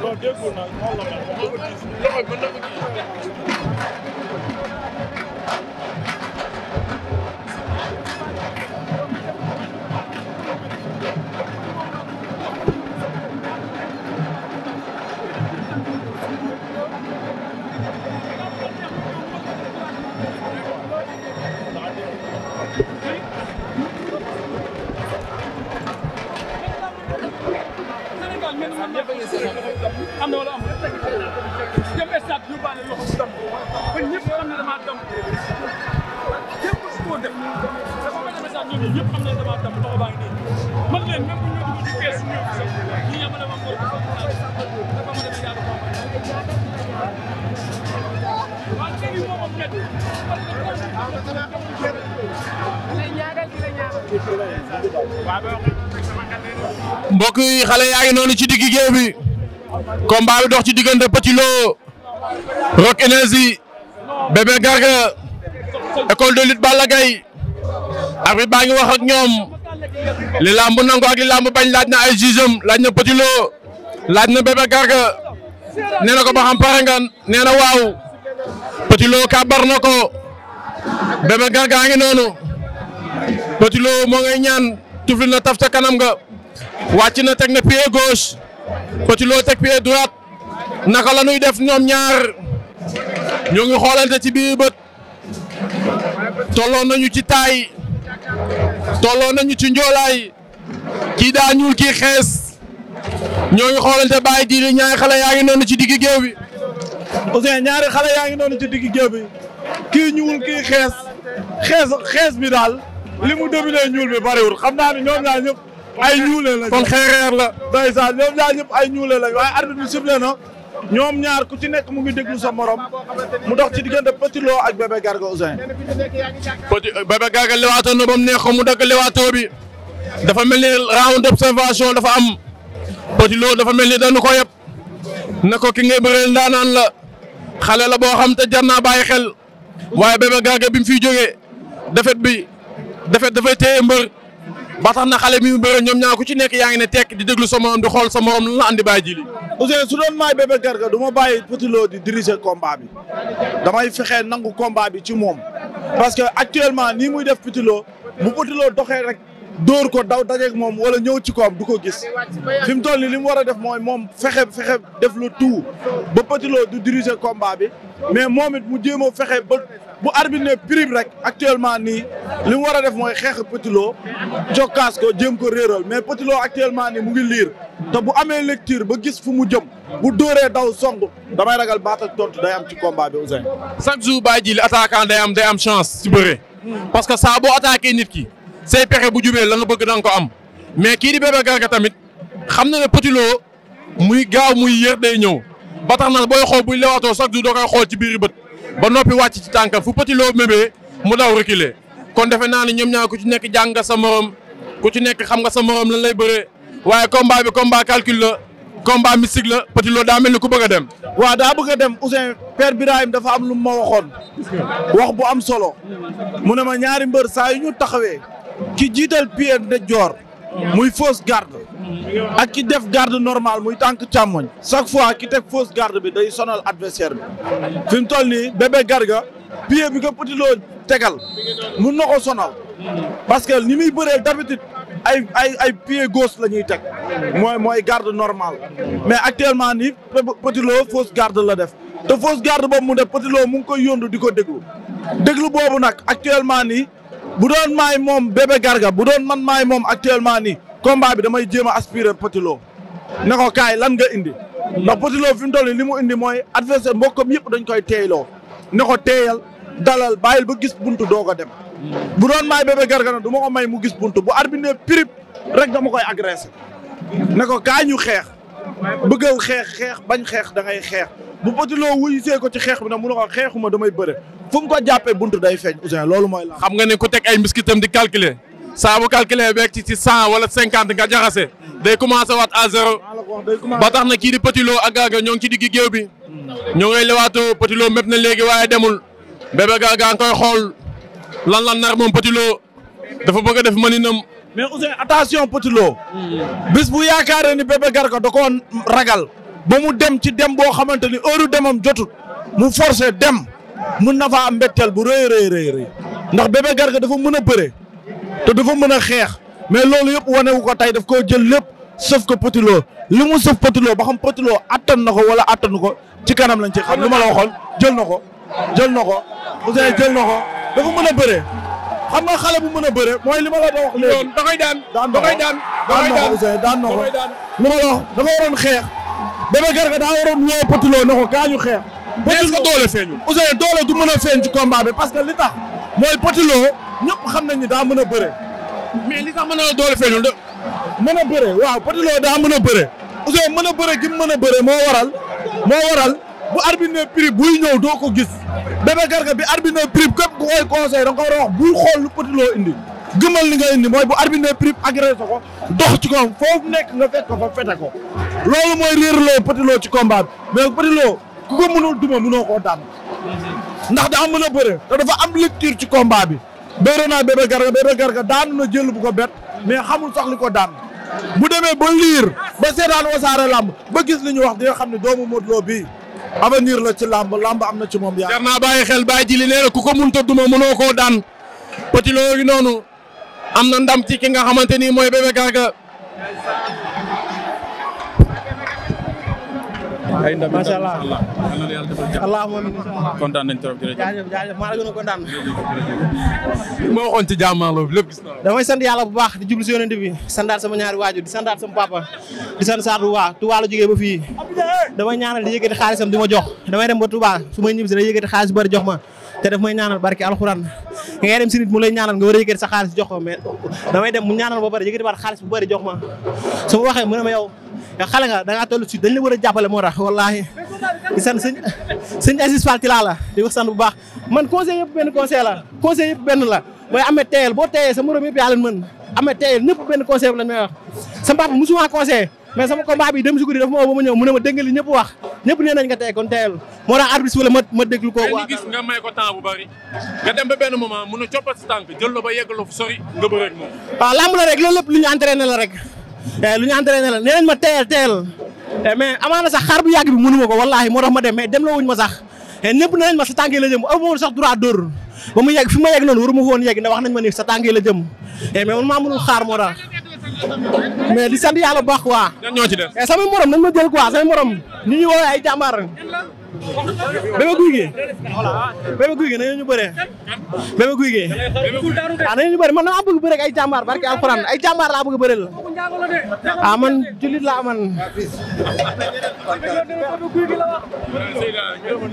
non dégg naa dem stade yóbbaale ngi nii ci xale yaa ngi noonu ci digg géew combat bi dox ci diggante Petit Rock Énergie Bébé Garga école de lutte Balla Gaye arbitre ngi waxak ñoom li làmb nangu ak li làmb bañ laaj na ay jugeem laaj na Petit laaj na Bébé Garga nee ko ba xam pare nga nee na waaw Petit Lo kàbbar ko Bébé Garga a ngi noonu Petit Lo moo ngay ñaan tufli na taf ca kanam nga wàcc na teg na pied gauche Petit Lo teg pied droite naka la ñuy def ñoom ñaar ñoo ngi xoolante ci biir bët tolloo nañu ci taay tolloo nañu ci njoolaay kii daa ñuul kii xees ñoo ngi xoolante bàyyi diir ñaari xale yaa ngi noonu ci diggi géew bi. Ousseyn ñaari xale yaa ngi noonu ci digg géew bi kii ñuul kii xees xees xees bi daal li mu dominé ñuul bi bariwul xam naa ne ñoom naa ñëpp. ay ñuulee lañ kon xeereer la ndeysaan ñoom ñaar waaye arbitre bi sifflé na ñoom ñaar ku ci nekk mu ngi déglu sa moroom mu dox ci diggante Petit Lo ak Bébé Garga Ousseyn Petit euh, Garga lewaatoo ba mu neex ko mu dagg lewaatoo bi dafa mel ni round d'observation dafa am Petit loo dafa mel ni dañu ko yëpp na ko ki ngay ndaanaan la xale la boo xam te jar naa bàyyi xel waaye Bébé Garga bi mu fiy jógee defet bi defet dafay téye mbër ba tax na xale bi mu bëre ñoom ñaa ku ci nekk yaa ngi ne tekk di déglu sa morom di xool sa morom lan la andi bàyyi ji li su doon maay Bébé Garga du ma bàyyi Petit di diriger combat bi damay fexe nangu combat bi ci moom parce que actuellement nii muy def Petit Lo bu Petit doxee rek dóor ko daw dajeeg moom wala ñëw ci ko am du ko gis fi mu toll nii li mu war a def mooy moom fexe fexe def le tout ba Petit Lo du diriger combat bi mais moom it mu jéem fexe ba. bu arbitre ne prime rek actuellement nii li mu war a def mooy xeex Petit Lo jokkaas ko jëm ko réeral mais Petit Lo actuellement nii mu ngi liir te bu amee lecture ba gis fu mu jëm bu dóoree daw song damay ragal baat ak tontu day am ci combat bi Ousseyn. chaque jour baa ji li day am day am chance ci bëre. parce que saa boo nit ki say pexe bu jubee la nga bëgg danga ko am mais kii di Bébé Garga tamit xam na ne Petit Lo muy gaaw muy yër day ñëw ba tax na booy xool buy lewaatoo chaque jour doo koy xool ci biir bët. ba noppi wàcc ci tànkam fu Petit Lo mébee mu daw reculer kon defe naa ne ñoom ñaar ku ci nekk jàng nga ku ci nekk xam nga sa morom lan lay bëree waaye combat bi combat calcul la combat mystique la Petit Lo daa mel ni ku bëgg a dem. waa daa bëgg a dem Ousseyn Père Birahim dafa am lu ma waxoon wax bu am solo mu ne ma ñaari mbër saa yu ñu taxawee ki jiital pied de joor muy fausse garde ak ki def garde normal muy tànk càmmoñ chaque fois ki teg fausse garde bi day sonal adversaire bi fi mu toll nii bébé garga pied bi nga petit tegal mun na ko sonal parce que ni muy bëree d'habitude ay ay ay pied gauche la ñuy teg mooy mooy garde normal mais actuellement ni petit loo fausse garde la def te fausse garde boobu mu def petit loo mu ngi koy yóndu di ko déglu déglu boobu nag actuellement nii bu doon maay moom bébé garga bu doon man maay moom actuellement nii combat bi damay jéem a aspirer Petit Lo ne ko kaay lan nga indi ndax Petit Lo fi mu toll nii li mu indi mooy adversaire mbokkam yëpp dañ koy teeyloo ne ko teeyal dalal bàyyil ba gis bunt doog a dem. bu doon maay bébé gargana du ma ko may mu gis buntu bu arbitre prip rek dama koy agressé ne ko kaay ñu xeex bëggal xeex xeex bañ xeex da ngay xeex bu Petit Lo wuyusee ko ci xeex bi nag mu ne ko xeexuma damay bëre fu mu ko jàppee buntu day feeñ Ouzin loolu mooy la. xam nga ne ku teg ay mbiskitam di calculer. saa bu calculé beeg ci ci cent wala cinquante nga jaxase day commencé waat à zéro ba tax na kii di Petit a ak Garga ñoo ngi ci diggi géew bi ñoo ngay lewaatoo Petit Lo na léegi waaye demul bébé Garga nga koy xool lan lan nar moom Petit dafa bëgg a def maninam mais Ousseyn attention Petit Lo bis bu yaakaaree ni bébé Garga da ko ragal ba mu dem ci dem boo xamante ni heure demam jotut mu forcé dem mun na fa am mbetteel bu rëy rëy rëy ndax bébé Garga dafa mën a bëre te dafa mën a xeex mais loolu yépp wane wu ko tey daf koo jël lépp sëf ko Petit Lo li mu sëf Petit ba xam Petit Lo attan na ko wala attanu ko ci kanam lañ ci xam lu ma la waxoon jël na ko jël na ko Ousseyn jël na ko dafa mën a bëree xam nga xale bu mën a bëre mooy li ma la doon wax léegi da koy daan da koy daan da koy daan Ousseyn daan na ko li ma la wax dafa xeex Bébé Garga daa waroon ñëw Petit Lo na ko gaañu xeex mais est-ce que doole feeñu Ousseyn doole du mën a feeñ ci combat bi parce que li tax m Petit Lo ñëpp xam nañ ni daa mën a bëre. mais li tax mën a doole feeñul de. mën a bëre waaw Petit Lo daa mën a bëre. Ousseyn mën a bëre mën a moo waral. moo waral bu arbitre prix buy ñëw doo ko gis. Bébé Garga bi arbitre prix képp ku koy conseil da nga war a wax bul xool lu Petit indi. gëmal li nga indi mooy bu arbitre prix agressé ko dox ci kawam foofu nekk nga fekk ko fa fete ko. loolu mooy réerloo Petit Lo ci combat bi mais Petit Lo ku ko mënul duma mënoo koo daan. ndax daa mën a bëre te dafa am lecture ci combat bi. bëre naa Bébé Garga Bébé Garga daanu na jël bu ko bet mais xamul sax li ko daan bu demee ba liir ba seetaan wasaare lamb ba gis li ñu wax di xam ne doomu Modou Lo bii niir la ci lamb lamb am na ci moom yaa jar naa bàyyi xel bàyyi ji li nee na ku ko munta duma mënoo koo daan Petit Lo ngi noonu am na ndam ci ki nga xamante ni mooy Bébé Garga ay ndam macha allah allahumma amiin kontaan nañ trop jërëjëf jaajëf jaajëf maa la gën a kontaan ma waxoon ci jàmmaarloo bi lépp gis naa damay sant yàlla bu baax di jublu si yonent bi santaat sama ñaari waajur di santaat sama papa di sant saa Touba Touba la jógee ba fii damay ñaanal di yëkkati xaalisam di ma jox damay dem ba Touba su may ñibbi si day yëkkati xaalis bu bari jox ma te daf may ñaanal barki alxuraan nga ngay dem si nit mu lay ñaanal a sa xaalis jox ko mais damay dem mu ñaanal ba bari yëkkati baat xaalis bu bari jox ma yow xale nga da ngaa toll si dañ la war a jàppale moo tax wallaahi di sant sëñ sëñ Aziz Fall Tilala la di ko sant bu baax man conseil yëpp benn conseil la conseil yëpp benn la mooy amee teeyal boo teeyee sa morom yëpp yaa mën amee teeyal ñëpp benn conseil bi lañ may wax sa papa musuma conseil mais sama combat bi dem si guddi dafa ma woo ba ma ñëw mu ne ma dégg ñëpp wax ñëpp nee nañ nga kon teyal moo tax arbitre wala ma ma déglu ko waa bu bari nga la ba rek loolu lépp lu ñu Eh, lu ñu entraîné la nee nañ ma teel teel eh, mais amaana sax xaar bu yàgg bi mënu ma ko wallaahi moo ma dem mais dem la wuñ ma sax eh, ñëpp nee nañ ma sa tànk la jëm aw ma woon sax droit dóor ba mu yegg fi ma yegg noonu waru ma woon yegg ndax wax nañ ma ni sa tànk la jëm mais man maa mënul xaar moo tax mais di sant yàlla bu baax quoi. ñoo ci def sama morom nañ ma jël quoi sama morom ñu ñu woowee ay jàmbaar Bébé Gouy Gui Bébé Gouy Gui nañu ñu bëree Bébé Gouy Gui ah nañu ñu bëree man damaa bëgg bëre ak ay jàmbaar barki alxuraan ay jàmbaar laa bëgg bëreel ah man